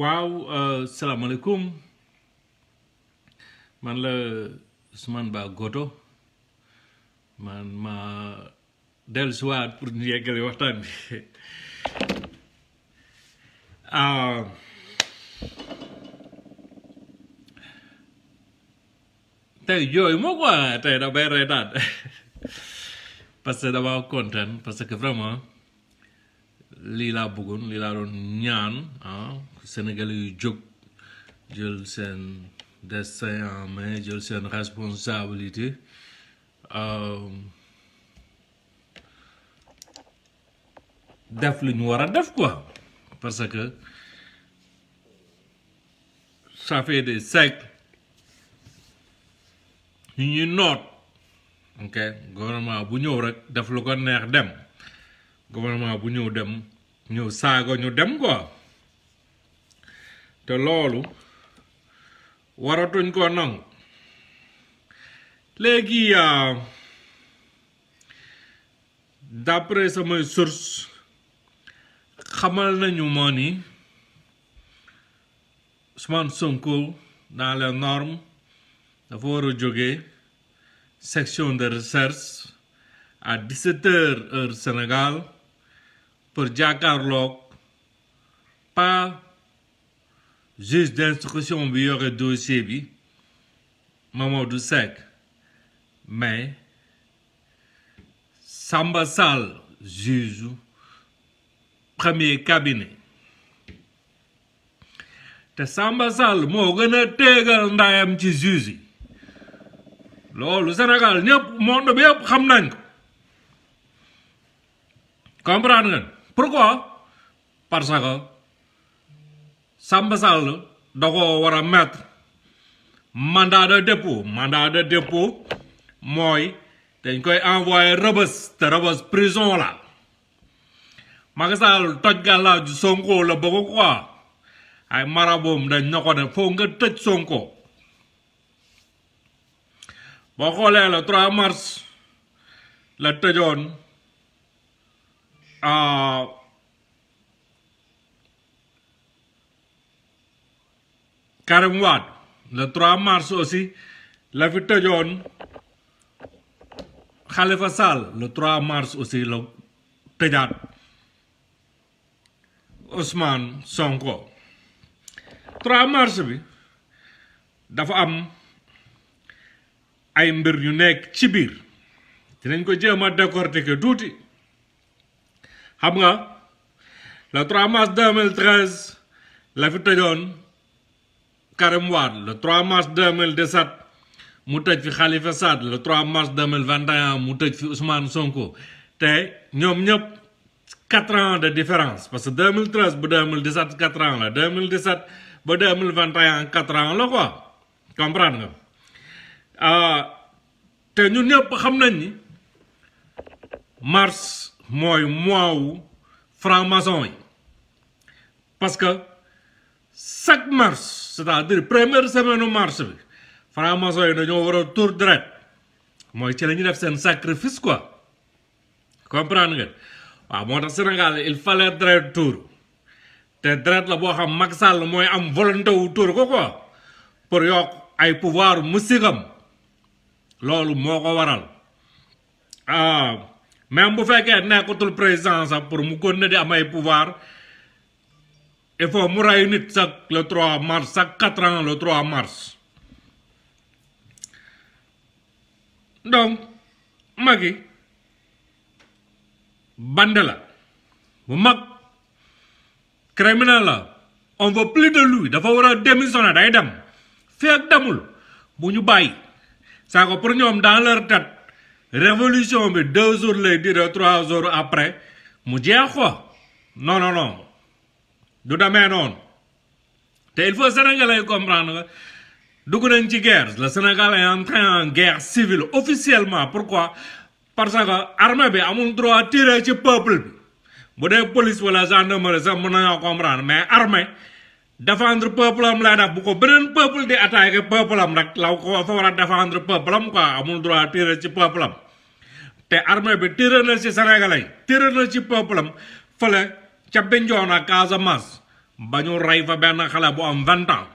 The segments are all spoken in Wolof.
waaw euh, salaamaaleykum man la Ousmane Ba Goto man ma dellusiwaat pour ñu yeggale waxtaan bi ah. tey jooyu moo quoi tey damay reetaan parce que dama kontaan parce que vraiment lii laa bëggoon lii laa doon ñaan ah sénégalais yu jóg jël seen destin en main jël seen responsabilité euh, def lu ñu war a def quoi parce que ça fait des siècles ñu ñuy noot ok gouvernement bu ñëw rek def lu ko neex dem gouvernement bu ñëw dem ñëw saaga ñu dem ko te loolu waratuñ koo nangu léegi euh, d'après samay source xamal nañu ma ni Ousmane Sonko dans les dafa war a jóge section de recherche à 17 heures heure Sénégal pour jàkkaarloog pas juge d'instruction bi yore dossier bi Mamadou Seck mais Samba sal juge premier cabinet te Samba sal mo gën a un petit ci juge yi le Sénégal ñëpp monde bi yëpp xam nañ ko comprendre nga pourquoi parce que Samba Sall da ko war a mettre mandat de dépôt mandat de dépôt mooy dañ koy envoyé rëbës te rëbës prison la Macky Sall toj gàllaaju Sonko la bëgg quoi ay maraboom dañ na ko ne foo nga tëj Sonko boo xoolee le 3 mars la tëjoon uh, Karim Wade mars aussi la fi tëjoon Khalifa Sall le 3 mars aussi la tëjaat Ousmane Sonko 3 mars bi dafa am ay mbir yu nekk ci biir dinañ ko jéem a décortiquer tuuti xam nga le 3 mars 2013 la fi tejon Karim wad le 3 mars 2017 mu tej fi Khalifa sad le 3 mars 2021 mu tej fi Ousmane Sonko te ñom ñep 4 ans de différence parce que 2013 bu 2017 4 ans la 2017 ba 2021 4 ans la quoi comprendre nga ah te ñun ñep xam nañ ni mars. mooy mois wu franc-maçon parce que chaque mars c'est-à-dire première semaine mars bi franc-maçon yi dañoo war a tour deret mooy ci la ñuy def seen sacrifice quoi comprendre nga waaw moo tax Sénégal il fallait deret tour te deret la boo xam Macky Sall mooy am volonté wu tour ko quoi pour yok ay pouvoir musikam loolu moo ko waral ah même bu fekkee nekkatul président sax pour mu kon ne di am pouvoir il faut mu rey nit chaque le 3 mars chaque 4 ans le 3 mars donc Macky bandela la bu mag criminel la on veut plus de lui dafa war a démissionner day dem fekk demul bu ñu bàyyi saa ko pour ñoom dans leur tête révolution bi deux jours lay dire trois jours après mu jeex quoi non non non du demee non. te il faut sénégalais comprendre que nañ ci guerre le Sénégal est entré en guerre civile officiellement pourquoi parce que l'armée bi amul droit tirer le peuple bi bu dé police wala gendarmerie ça mën pas comprendre mais l'armée... défendre peuple am la def bu ko benen peuple di attaquer peuple am nak law ko fa wara a défendre peuple am quoi amul droit tirer ci peuple am té armée bi tirer na ci sénégalais tirer na ci peuple am fële ca benjona casamance bañu ray fa ben xala bu am 20 ans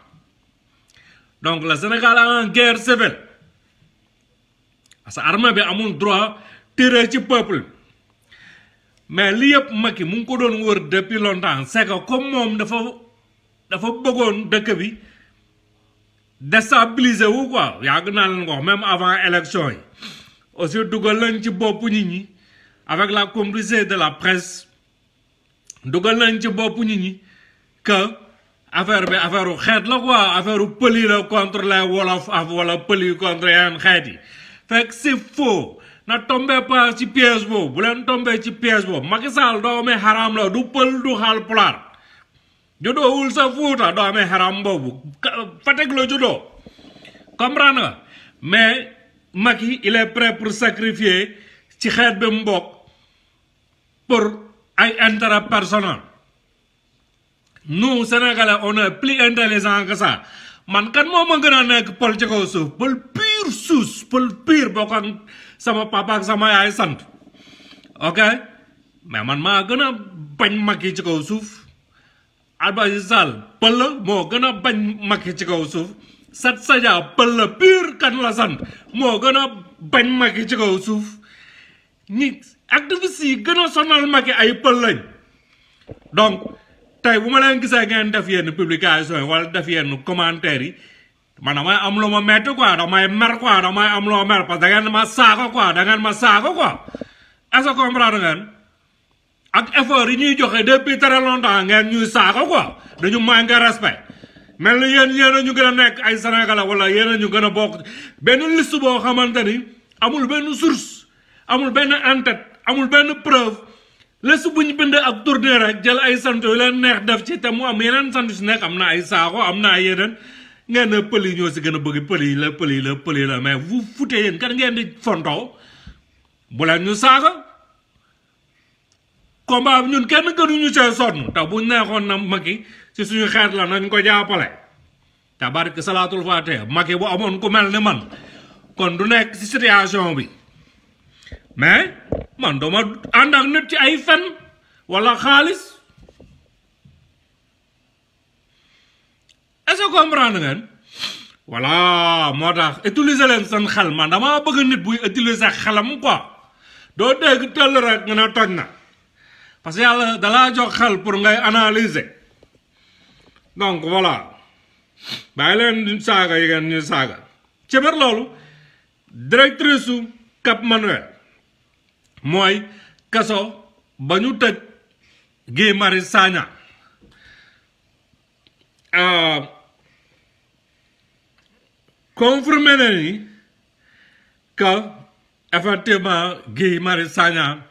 donc le sénégal en guerre civile parce armée bi amul droit tirer ci peuple mais li yep Macky mu ngi ko don wër depuis longtemps c'est que comme mom dafa dafa bëggoon dëkk bi déstabiliser wu quoi yàgg naa leen même avant élection aussi dugal nañ ci bopp ñi avec la complicité de la presse dugal nañ ci bopp nit ñi que affaire bi la quoi affaire u la contre les wolof af wala contre tombez xeet yi c'est faux na tombé pas ci piège bu leen tombé ci piège boobu Macky Sall doomi xaraam la du du xaal jodo wul sa fuuta do haram bu. fatek lo judo comprendre nga mais maki il est prêt pour sacrifier ci xeet bi mu pour ay intérêt personnel nous sénégalais on est plus intelligent que ça man kan mo ma gëna nek pol ci ko suuf pol pire sous pol pire bokk ak sama papa ak sama yaay sant ok mais man ma gëna bañ maki ci ko suuf Albaji Sall pel mo ben gën a bañ Macky ci kaw suuf Sat Sadia pel pur kan la sant mo gën a bañ Macky ci kaw suuf nit activiste yi gën sonal Macky ay pel lañ donc tay buma ma leen ngeen def yenn publication wala def yenn commentaire yi man dama am lo ma metti quoi damay mer quoi dama am lo mer parce da ngeen ma sako quoi da ngeen ma sako quoi est-ce que comprendre ngeen ak effort yi ñuy joxe depuis très longtemps ngeen ñuy saako quoi dañu manqué respect mel ni yéen yéen a ñu gën a nekk ay sénégalais wala yéen a ñu gën a bokk benn liste boo xamante ni amul benn source amul benn entête amul benn preuve liste buñ bind ak tournée rek jël ay sant yu leen neex def ci te mu am yeneen sant si nekk am naa ay saako am naa yeneen ngeen a pël yi ñoo si gën a bëgg pël yi la pël yi la pël yi la mais vous foutez yéen kan ngeen di fontoo bu leen ñu saaga combat bi ñun kenn gënuñu see sonn te buñ neexoon na Macky ci suñu xeet la nañ ko jàppale te barke salaatul faatiha Macky bu amoon ku mel ni man kon du nekk ci situation bi mais man dama ànd ak nit ci ay fen walla xaalis est-ce que comprendre ngeen moo tax utiliser leen seen xel man damaa bëgg nit buy utiliser xelam quoi doo dégg tëll nga ne toj na parce que da la jox xal pour ngay analyser donc voilà bàyyi leen saaga yi ngeen ñu saga ci biir lolu directrice Cap Manuel moy kaso bañu tej tëj mari Marius euh confirmer ni ka effectivement Guy mari Sagna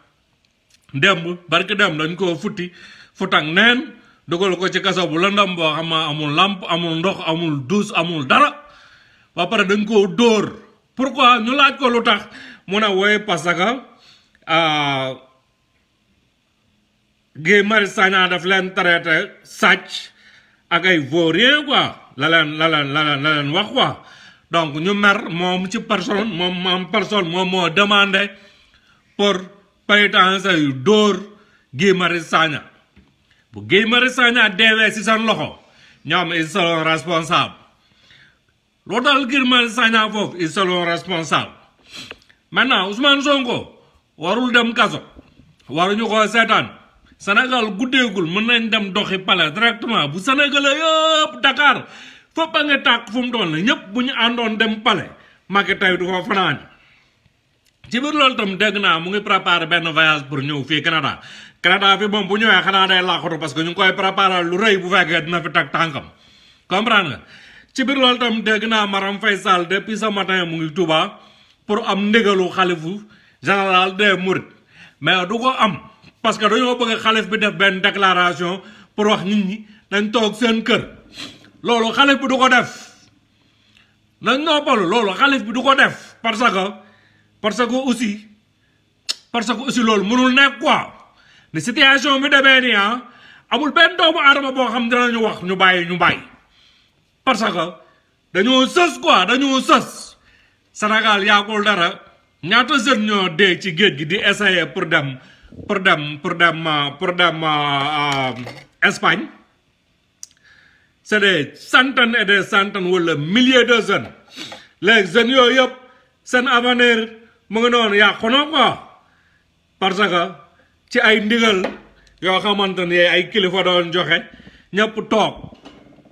démb barke dem lañ ko futti futak nen, dugal ko ci kasso bu landam bo xam amul lamp amul ndox amul dus, amul dara ba pare dañ ko dor pourquoi ñu laaj ko lutax mo na woy pasaka a ge mar sana da leen traité ya sach lalan lalan lalan quoi la leen la leen la leen la leen wax quoi donc ñu mer mom ci personne mom mom personne mom mo demander pour payitaan sa yu dor Guy Marius bu Guy Marius Sagna deewee si seen loxo ñom ils e seront responsables lo dal Guy Marius Sagna ils e seront responsables maintenant Ousmane songo warul dem kaso ñu ko setan senegal guddegul mën nañ dem doxi palais directement bu senegal yëpp Dakar fëpp a nga tak fu mu doon ñep ñëpp bu ñu dem palais Macky tay du ko fanane ci biir loolu tam dégg naa mu ngi préparé benn voyage pour ñëw fii Canada Canada fi moom ya, ya, bu ñëwee xanaa day laaxatu parce que ñu ngi koy préparé lu rëy bu fekkee dina fi teg tànkam comprendre nga ci biir loolu tam dégg naa Maram Faisal depuis ce matin mu ngi Touba pour am ndigalu xalifu général de Mourid mais du ko am parce que dañoo bëgg xalif bi def benn déclaration pour wax nit ñi dañ toog seen kër loolu xalif bi du ko def nañ noppalu loolu xalif bi du ko def parce que parce que aussi parce que aussi lol mënul nek quoi ne situation bi débé ni hein ah, amul ben doomu aadama bo xam dara ñu wax ñu bayyi ñu bayyi parce que dañu sës quoi dañu sës Sénégal ya ko dara ñaata jeune ñoo dé ci géej gi di essayer pour dem pour dem pour dem pour dem euh, euh, Espagne c'est des centaines et des centaines wala milliers de jeunes les jeunes yo yop sen avenir mu ngi noonu yàqu na quoi parce que ci ay ndigal yoo xamante ne ay kilifa doon joxe ñëpp toog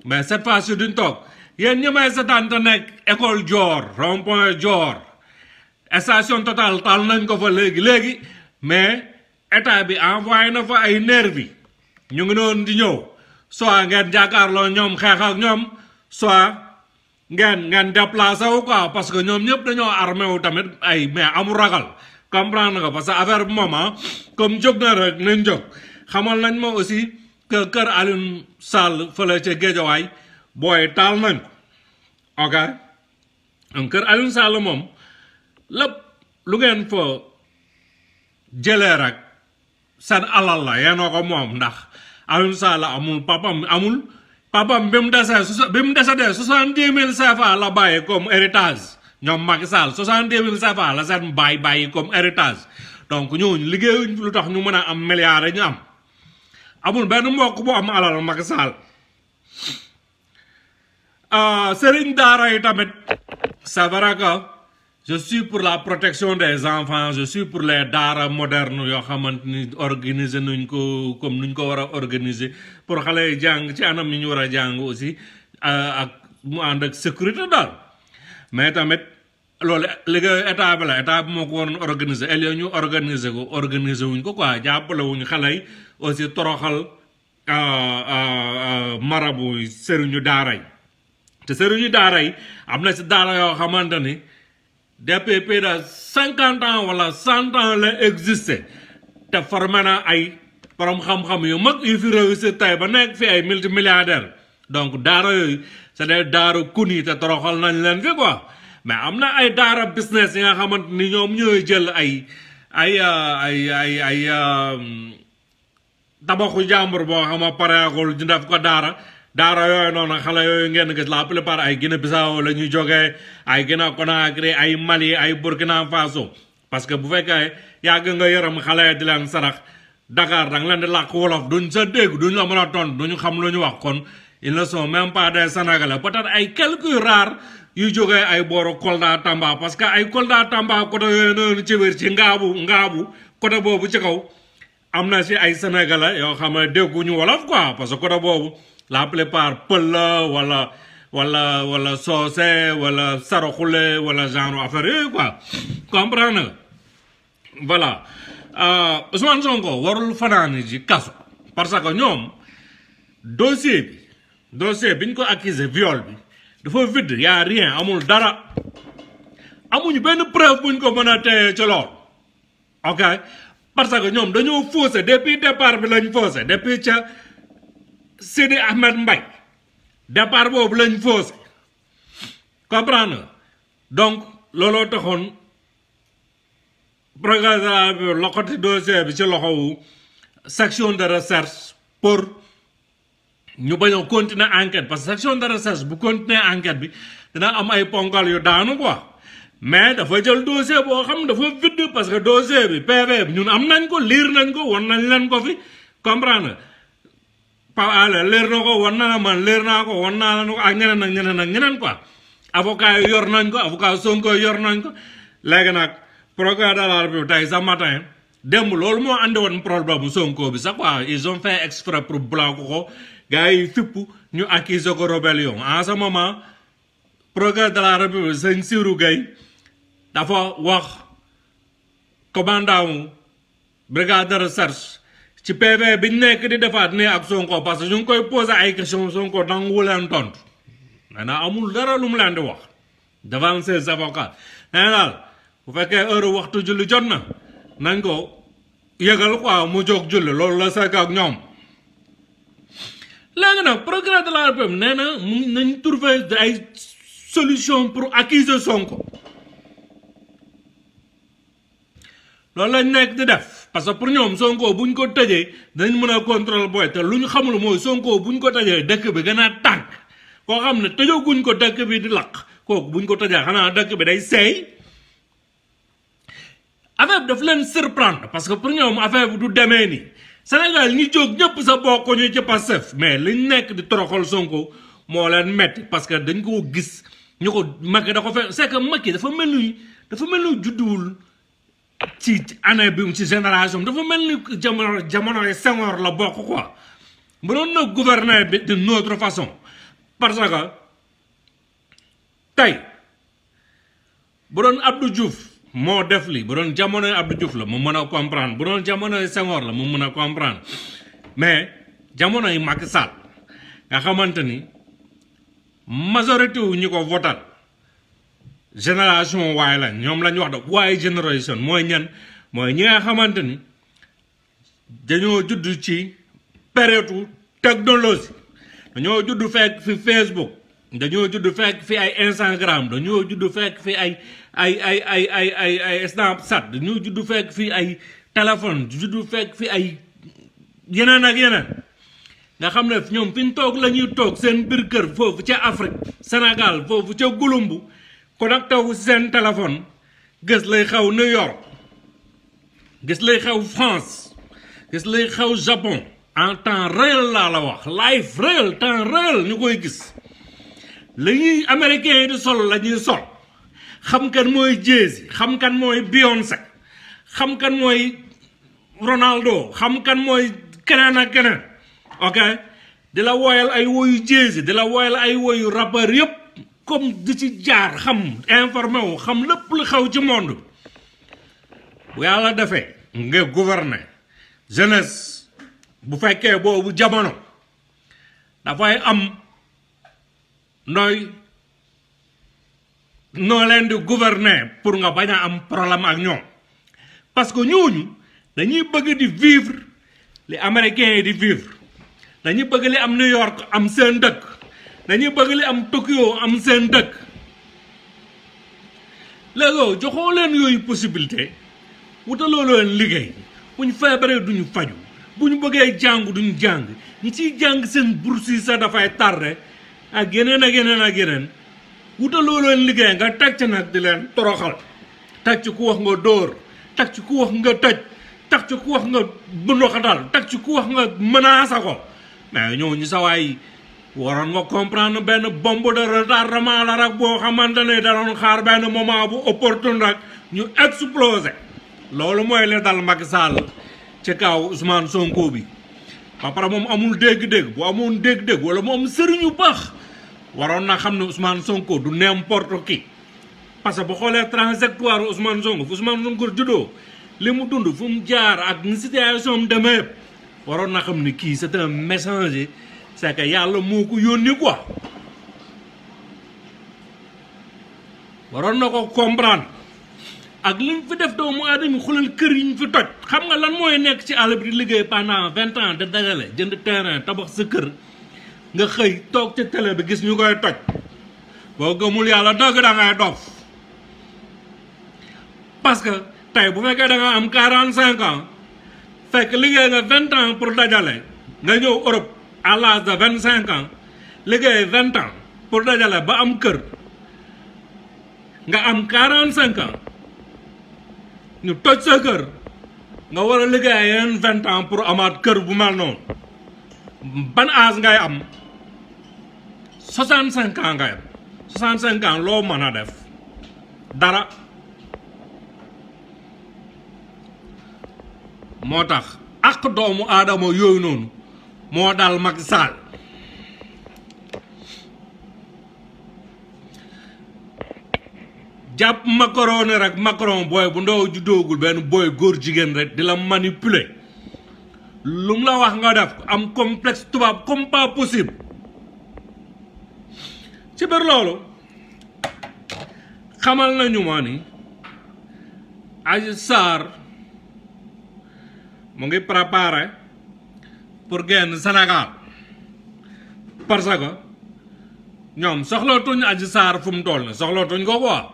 mais cette fois-ci duñ toog yéen ñi may seetaan école Dior rond joor Dior Total taal nañ ko fa léegi léegi mais état bi envoyé na fa ay nervi ñu ngi noonu di ñëw soit ngeen jàkkaarloo ñoom xeex ak ñoom soit. ngeen ngeen déplacé wu quoi parce que ñoom ñëpp dañoo armé wu tamit ay mais amul ragal comprendre nga parce que affaire bi moom ah, comme jóg na rek nañ jóg xamal nañ ma aussi que kër Alioune Sall fële ca Géejawaay booy taal nañ ko ok donc kër Alioune Sall moom lépp lu ngeen fa jëlee moom ndax Alioune Sall amul papam amul papaam ba mu dese su ba mu desetee soixante-dix la bàyyi comme héritage ñoom Macky Sall soixante-dix mille CFA la seen bàyyi bàyyi comme héritage donc ñooñu liggéey lu tax ñu mën a am milliards ñu am amul benn mbokk bu am alal Macky Sall ah, sëriñ daara yi tamit c'est je suis pour la protection des enfants je suis pour les daara moderne yoo xamante ni organiser nuñ ko comme nuñ ko war a organiser pour xale yi jàng ci anam yi ñu war a jàng aussi euh, ak mu ànd ak sécurité daal mais tamit loolu liggéeyu état bi la état moo ko waroon organiser ellio ñu organiser ko organiser wuñ ko quoi jàppale wuñ xale yi aussi toroxal euh, euh, marabu sëriñu daara yi te sëriñu daara yi am na si daara yoo xamante ni depuis plus de cinquante ans wala cent ans la existé te formé na ay borom xam-xam yu mag yu fi réussir ba nekk fi ay multimilliardaire donc daara yooyu c'est des daara kun yi te toroxal nañ leen fi quoi mais am na ay daara business yi nga xamante ni ñoom ñooy jël ay ay euh, ay ay ay euh, tabaxu jàmbur boo xam a pareagul ñu def ko daara daar yooyu noonu xale yooyu ngeen gis la plupart ay Guinée Bissau la ñuy jógee ay Guinée Conakry ay Mali ay Burkina Faso parce que bu fekkee yàgg nga yaram xale di leen sarax Dakar da nga leen di wolof duñ sa dégg duñ la mën a tontu duñu xam lu ñu wax kon ils ne sont même pas des Sénégalais peut ay quelques rares yu jógee ay booru Kolda Tamba parce que ay Kolda Tamba côté yooyu noonu ci biir ci ngaabu ngaabu côté boobu ci kaw am na si ay Sénégalais yoo xam ne dégguñu wolof quoi parce que côté boobu. la plupart voilà, voilà, voilà, voilà, Socé voilà, genre affaire quoi comprendre Voilà. voilà euh, Ousmane Sonko warul fanane ji parce que nous, dossier dossier bi ko viol bi dafa vide y a rien amul dara amuñu benn preuve buñ ko a ci lool ok parce que ñom dañu fausser depuis départ bi depuis Sidi Ahmed Mbaye départ boobu lañ faussé comprendre donc looloo taxoon programme bi loxoti dossier bi ci loxowu section de recherche pour ñu bañ a continuer enquête parce que section de recherche bu continuer enquête bi dina am ay ponkal yu daanu quoi mais dafa jël dossier boo xam dafa vide parce que dossier bi PV bi ñun am nañ ko liir nañ ko won nañ leen ko fi comprendre Pape Alé leer na ko wan na man leer naa ko wan naa ko ak ñeneen ak ñeneen ak ñeneen quoi avocat yi yor nañ ko avocat Sonko yor nañ ko léegi nag procureur de la République tey sa matin démb loolu moo andi woon problème bu Sonko bi sax quoi ils ont fait exprès pour bloquer ko gars yi fipp ñu accusé ko rébellion en ce moment procureur de la République sëñ Sirou Gueye dafa wax commandant brigade de recherche ci PV biñ nekk di defaat ne ak Sonko parce que ñu ngi koy poser ay questions Sonko nangu leen tontu nee naa amul dara lu mu leen di wax devant ses avocats nee daal bu fekkee heure waxtu julli jot na nañ ko yëgal quoi mu jóg julli loolu la sekk ak ñoom léegi nag procureur de la République nee na mu nañ trouver ay solution pour accuser Sonko loolu lañ nekk di def parce que pour ñom sonko buñ ko tejé dañ mëna contrôle boy té luñ xamul moy sonko buñ ko tejé dëkk bi gëna tank ko xamné tejo guñ ko dëkk bi di laq kooku buñ ko tejé xana dëkk bi day sey affaire daf leen surprendre parce que pour ñom affaire bu du démé ni sénégal ñi jog ñëpp sa bokk ñu ci passef mais liñ nekk di troxol sonko mo leen metti parce que dañ ko gis ñuko ko makki da ko fe c'est que makki dafa mel dafa mel ni ci année bi mu ci génération dafa mel ni jamono jamono yi Senghor la bokk quoi noon na gouverner bi d'une autre façon parce que tey bu doon Abdou Diouf moo def li bu doon jamonoy Abdou Diouf la mu mën a comprendre bu doon jamonoy Senghor la mu mën a comprendre mais jamonoy Macky Sall nga xamante ni majorité wu ñu ko votal génération waay nous ñom la wax génération ñi nga judd ci technologie dañoo judd fi Facebook dañoo judd fi ay Instagram dañoo judd fekk fi ay ay ay ay ay ay Snapchat judd fi ay téléphone judd fi ay ak seen Afrique Sénégal fofu connecté wu seen téléphone gis lay au New York gis lay xew France gis lay xew Japon en temps réel laa la wax live réel temps réel nous koy gis li américains yi sol la ñuy sol xam kan moy Jay-Z xam kan moy Beyoncé xam kan moy Ronaldo xam kan moy keneen ak ok De la woyal ay woyu Jay-Z la woyal ay woyu rappeur yëpp comme di ci jaar xam informé wu xam lépp lu xew ci monde bu yàlla defee nga gouverner jeunesse bu fekkee boobu jamono dafay am nooy noo leen di gouverner pour nga bañ a am problème ak ñoom parce que ñooñu dañuy bëgg di vivre li américains yi di vivre dañuy bëgg li am New York am seen dëkk dañuy bëgg li am yoo am seen dëkk léegoo joxoo leen yooyu possibilité wutaloo leen liggéey bu ñu feebaree duñu faju bu ñu bëggee jàng duñu jàng ñu ciy jàng seen bourse yi sax dafay tarre ak yeneen ak yeneen ak yeneen wutaloo leen liggéey nga tàcc nag di leen toroxal tàcc ku wax nga door tàcc ku wax nga tëj tàcc ku wax nga bundoxatal tàcc ku wax nga menace ko mais ñooñu sa waay waroon nga comprendre benn bombe de retardement la rek boo xamante ne da doon xaar benn moment bu opportun rek ñu explosé loolu mooy la dal Macky Sall ci kaw Ousmane Sonko bi ba moom amul dégg-dégg bu amoon dégg-dégg wala mu am sëriñ baax waroon na xam ne Ousmane Sonko du n'importe qui parce que bu xoolee trajectoire Ousmane Sonko fu Ousmane Sonko juddoo li mu dund fu mu jaar ak ni situation am demee waroon na xam ne kii c'est un messager c'est que yàlla moo ko quoi waron nako comprendre ak liñ fi def do mu adami xulal keur yiñ fi toj xam nga lan moy nek ci alabri bi pendant 20 ans de dagalé jënd terrain tabax sa keur nga xey tok ci télé bi gis ñukoy toj bo gëmul yalla dog da ngay dof parce que tay bu fekkee da nga am 45 ans fekk liggéey nga 20 ans pour dajale nga ñew Europe à l'âge de vingt cinq ans liggéey vingt ans pour dajale ba am kër nga am quarante cinq ans ñu toj sa kër nga war a liggéey yeneen vingt ans pour amaat kër bu mel noonu ban âge ngay am soixante cinq ans ngay am soixante cinq ans loo mën a def dara moo tax ak doomu aadama yooyu noonu modal dal Jap Macron rek Macron boy bu ndaw ju dogul ben boy gor jigen rek dila manipuler Lum la wax nga def am complexe tubab comme pas possible ci ber lolu xamal nañu ma ni Adji ngi préparer pour génn Senegal. parce que ñoom soxlootuñ Adji Sarr fu mu toll nii soxlootuñ ko quoi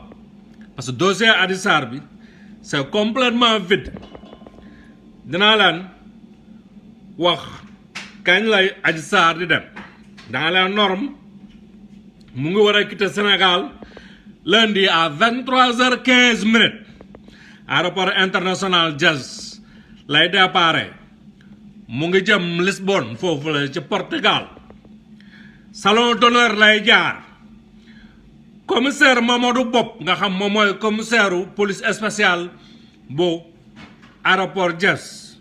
parce que dossier adissar bi c'est complètement vide dina lan wax kañ lay adissar di dem dans la norme mu ngi wara quitter senegal lundi à 23h15 minutes aéroport international Jazz. lay déparé. mu ngi jëm Lisbonne foofu la ca Portugal salon d'honneur lay jaar commissaire Mamadou Bopp nga xam moom mooy commissaire u police spéciale bu aéroport Dias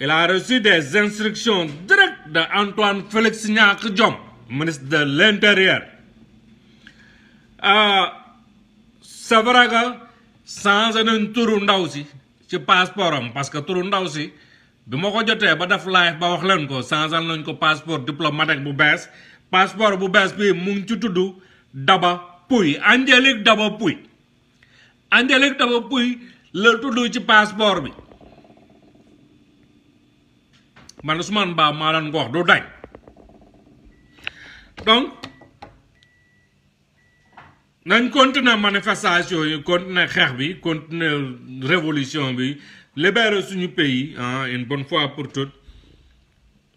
il a reçu des instructions directes de Antoine Félix Niack Diome ministre de l'intérieur euh, c'est vrai que changé nañ turu ndaw si ci passeport parce que turu ndaw si bi ma ko jotee ba def live ba wax leen ko changeal nañ ko passeport diplomatique bu bees passeport bu bees bi mu ngi ci tudd Daba Pouye Angélique Daba Pouye Angélique Daba la tudd ci passeport bi man Ousmane Ba maa leen ko wax du dañ donc nañ continuer manifestation yi continuer xeex bi continuer révolution bi libérer suñu pays ah une bonne fois pour toutes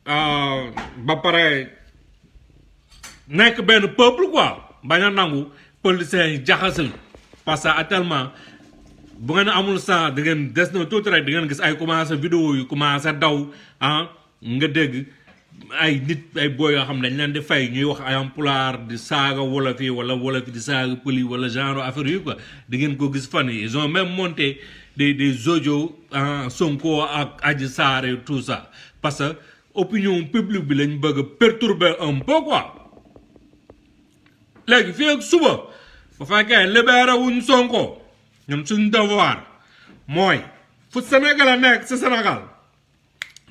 euh, ba pare nekk benn peuple quoi bañ a nangu politiciens yi jaxasuñu parce que actuellement bu ngeen amul sens da ngeen des na tuuti rek da ngeen gis ay commencé vidéo yu commencé daw ah nga dégg ay nit ay booy yoo xam ne dañ leen di fay ñuy wax ay pulaar di saaga wolof yi wala wolof yi di saaga pël yi wala genre affaire yi quoi da ngeen ko gis fan yi ils ont même monté. des des audios en Sonko ak Adji Sarr et tout ça parce que opinion publique bi lañ bëgg a perturber un peu quoi. léegi fii ak suba bu fekkee libéré wuñ Sonko ñoom suñ devoir mooy fu Sénégal a nekk Sénégal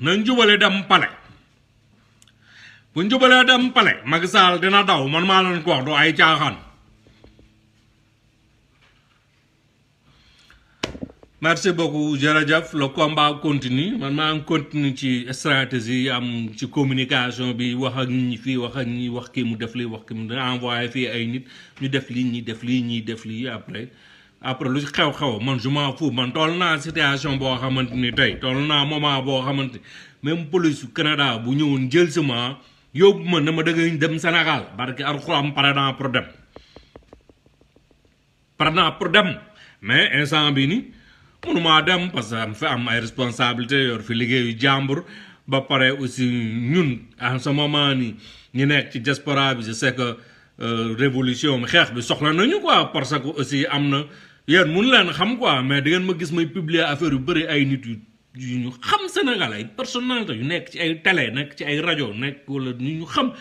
nañ jubale dem palais buñ jubalee dem palais Macky Sall dina daw man maa leen ko ay caaxaan. merci beaucoup jërëjëf le combat continue man ma continue ci stratégie am ci communication bi wax ak ñi fi wax ak ñi wax kii mu def mudafli, wax kii mu envoyer fi ay nit ñu def li ñi def li ñi def li après après lu xew xew man je m'en fous man tol na situation bo xamanteni tay tol na moment bo xamanteni même police Canada bu ñewon jël sama ma na ma dëgg dem Sénégal barke ar xam parana pour dem pare pour dem mais instant bi ni mënumaa dem parce que am fi am ay responsabilité yor fi liggéeyu jàmbur ba pare aussi ñun en ce moment ni ñu nekk ci diaspora bi je sais euh, révolution mi xeex bi soxla nañu ko parce que aussi am na yéen mun leen xam quoi mais di ngeen ma gis may publier affaire yu bëri ay nit yu ñu xam Sénégal ay personnalité yu nekk ci ay télé nekk ci ay rajo nekk wala ñu ñu xam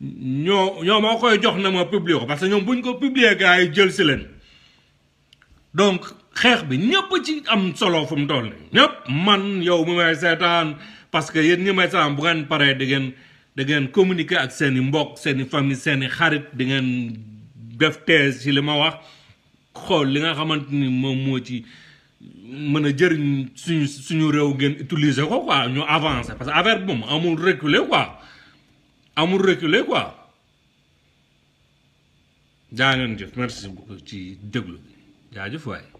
ñoo ñoo moo koy jox na ma publier ko parce que ñoom buñ ko publier gars yi jël si leen xeex bi ñëpp ci am solo fu mu toll nii man yow mi may seetaan parce que yéen ñi may seetaan bu ngeen paree di ngeen di ngeen communiquer ak seeni i seeni seen i famille seen i xarit di ngeen def ci li ma wax xool li nga xamante ni moom moo ci mën a jëriñ suñu suñu réew ngeen utiliser ko quoi ñu avancer parce que affaire bi moom amul reculer quoi amul reculer quoi jaa ngeen jëf merci beaucoup ci déglu bi jaajëf